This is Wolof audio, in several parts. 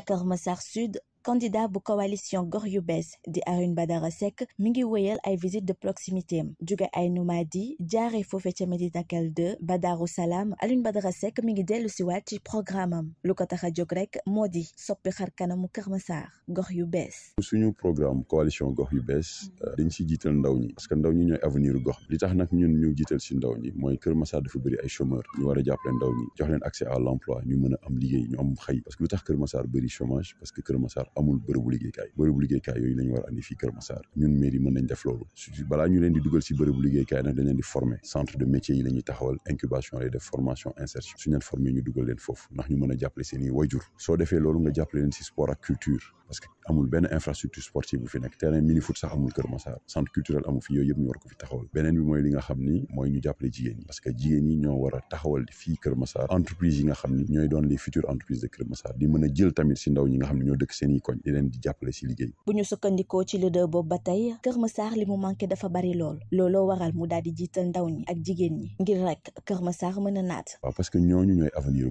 à Massar Sud, candidat bu coalition gox yu bees di Alioune Badara Seck mi ngi wéyal ay visite de proximité am jóge ay Noumédi jaaree foofe ca Médina Kell 2 ba Daaru Salaam Alioune Badara mi ngi dellu ci programme am lu ko tax a rek modi soppi xar kanamu Kër Massar yu suñu programme coalition gox yu bees mm-hmm. dañ ci jiital ndaw ñi parce que ndaw ñi ñoy avenir gox li tax nak ñun ñu jiital ci ndaw ñi moy Kermassar Massar dafa bari ay chômeur ñu wara a ndaw ñi jox leen accès à l'emploi ñu mëna am liggéey ñu am xëy parce que lu tax Kermassar bari chômage parce que Kermassar amul bërëbu liggéeykaay bërëbu liggéeykaay yooyu la ñu war a andi fii Kër Massar ñun mairie mën nañ def loolu su ñu leen di dugal si bërëbu liggéeykaay nag dañ leen di former centre de métier yi la ñuy taxawal incubation lay def formation insertion suñ leen former ñu dugal leen foofu ndax ñu mën a jàppale seen i wayjur soo defee loolu nga jàppale leen si sport ak culture parce que amul benn infrastructure sportive bu fi nekk terrain mini foot sax amul Kër Massar centre culturel amu fi yooyu yëpp ñu war ko fi taxawal beneen bi mooy li nga xam ni mooy ñu jàppale jigéen ñi parce que jigéen ñi ñoo war a taxawal fii Kër Massar entreprise yi nga xam ni ñooy doon les futures entreprises de Kër Massar di a jël tamit si ndaw ñi i koñ di leen di jàppale li mu manqué dafa bari lool looloo waral mu daal jiital ndaw ñi ak jigéen ñi ngir rek Kër Massar mën a naat waaw parce que ñooñu ñooy avenir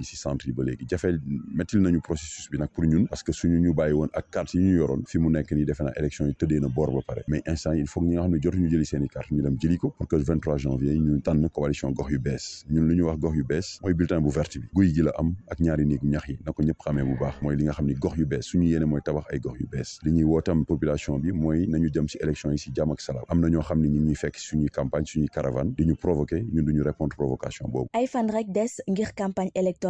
ngi si centre yi ba léegi jafee mettil nañu processus bi nak pour ñun parce que suñu ñu bàyyi woon ak carte yi ñu yoroon fi mu nekk nii defe naa élection yi tëddee na bor ba pare mais instant il faut que ñi nga xam ne jotuñu jëli seen i carte ñu dem jëli ko pour que 23 janvier ñu tànn coalition gox yu bees ñun lu ñu wax gox yu bees mooy bulletin bu verte bi guy gi la am ak ñaari néeg ñax yi na ko ñëpp xamee bu baax mooy li nga xam ni gox yu bees suñu yéene mooy tabax ay gox yu bees li ñuy wootam population bi mooy nañu jëm si élection yi si jàmm ak salaam am na ñoo xam ne ñi ñuy fekk suñuy campagne suñuy caravane di ñu provoquer ñun du ñu répondre provocation boobu ay fan rek des ngir campagne électorale